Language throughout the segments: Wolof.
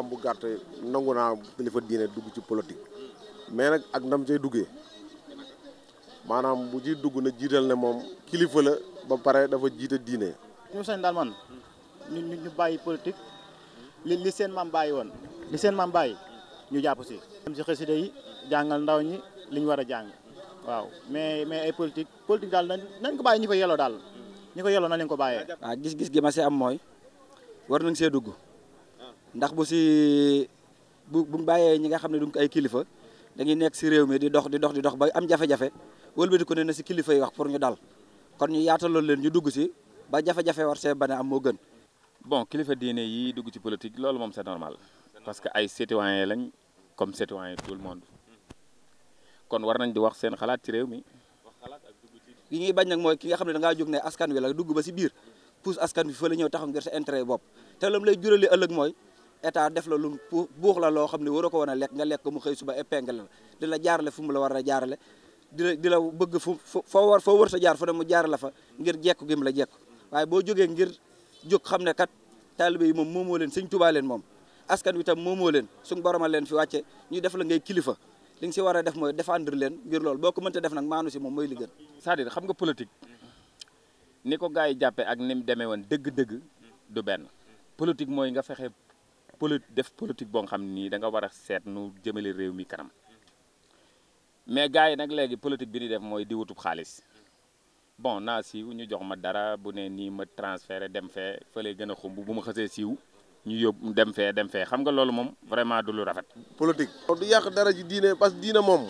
xam bu gàtt nangu naa kilifa diine dugg ci politique mais nag ak ndam cay duggee maanaam bu ji dugg na jiital ne moom kilifa la ba pare dafa jiite diine. ñu sañ daal man ñu ñu bàyyi politique li li seen ma bàyyi woon li seen maam bàyyi ñu jàpp si. dem si xasida yi jàngal ndaw ñi li ñu war a jàng waaw mais mais ay politique politique daal nañ ko bàyyi ñu ko yelloo daal ñu ko yelloo na leen ko bàyyee. Ah, gis-gis gi ma si am mooy war nañ see dugg. ndax bu si bu bu bàyyee ñi nga xam ne duñ ay kilifa dañuy nekk si réew mi di dox di dox di dox ba am jafe-jafe wëlbati ko ne na si kilifa yi wax pour ñu dal kon ñu yaataloon leen ñu dugg si ba jafe war see bane am moo gën. bon kilifa diine yi dugg ci politique loolu moom c'est normal parce que ay citoyen lañ comme citoyen tout le monde kon war nañ di wax seen xalaat ci réew mi. yi ñuy bañ nag mooy ki nga xam ne da ngaa jóg ne askan wi la dugg ba si biir pousse askan wi fa la ñëw taxaw ngir sa intérêt bopp te lam lay juralee ëllëg mooy. état def la lu buux la loo xam ne war a ko woon a lekk nga lekk mu xëy suba épingle la di la jaarale fu mu la war a jaarale di la di bëgg fu foo war foo war sa jaar fu ne mu jaar la fa ngir jekk gi la jekku waaye boo jógee ngir jóg xam ne kat taalibe yi moom moomoo leen Sëñ Tuubaa leen moom askan wi tam moomoo leen suñu boroma leen fi wàcce ñu def la ngay kilifa li nga si war a def mooy défendre leen ngir loolu boo ko mënta def nag maanu si moom mooy li saa cest xam nga politique ni ko gars yi jàppee ak ni mu demee woon dëgg-dëgg du benn politique mooy nga fexe poli def politique boo xam nii da war a seet nu jëmale réew mi kanam mais gars yi nag léegi politique bi ñuy def mooy di wutub xaalis bon naa siiw ñu jox ma dara bu nee nii ma transfer dem fee fële gën a xumb bu ma xësee siiw ñu yóbbu dem fee dem fee xam nga loolu moom vraiment du lu rafet. politique. du yàq dara ji diine parce que diine moom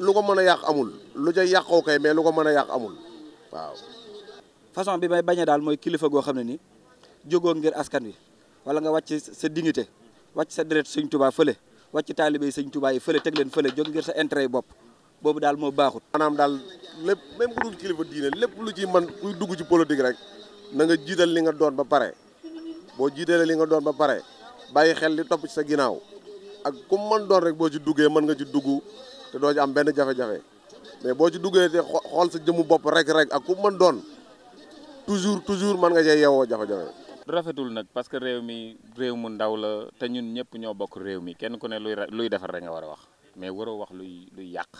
lu ko mën a yàq amul lu ca yàqoo kay mais lu ko mën a yàq amul waaw. façon bi may bañ a daal mooy kilifa goo xam ne nii jógoon ngir askan wi. wala nga wàcc sa dignité wàcc sa deret sëñ tubaa fële wàcc taalibe yi sëñ tubaa yi fële teg leen fële jóg ngir sa intérêt yi bopp boobu daal moo baaxut maanaam daal lépp même bu dul kilifa diine lépp lu ci man kuy dugg ci politique rek nanga nga jiital li nga doon ba pare boo jiitalee li nga doon ba pare bàyyi xel li topp ci sa ginnaaw ak ku mën doon rek boo ci duggee mën nga ci dugg te doo ci am benn jafe-jafe mais boo ci duggee te xool sa jëmu bopp rek rek ak mën doon toujours toujours mën nga cee yeewoo jafe rafetul nag parce que réew mi réew mu ndaw la te ñun ñëpp ñoo bokk réew mi kenn ku ne luy luy defar rek war a wax mais waroo wax luy luy yàq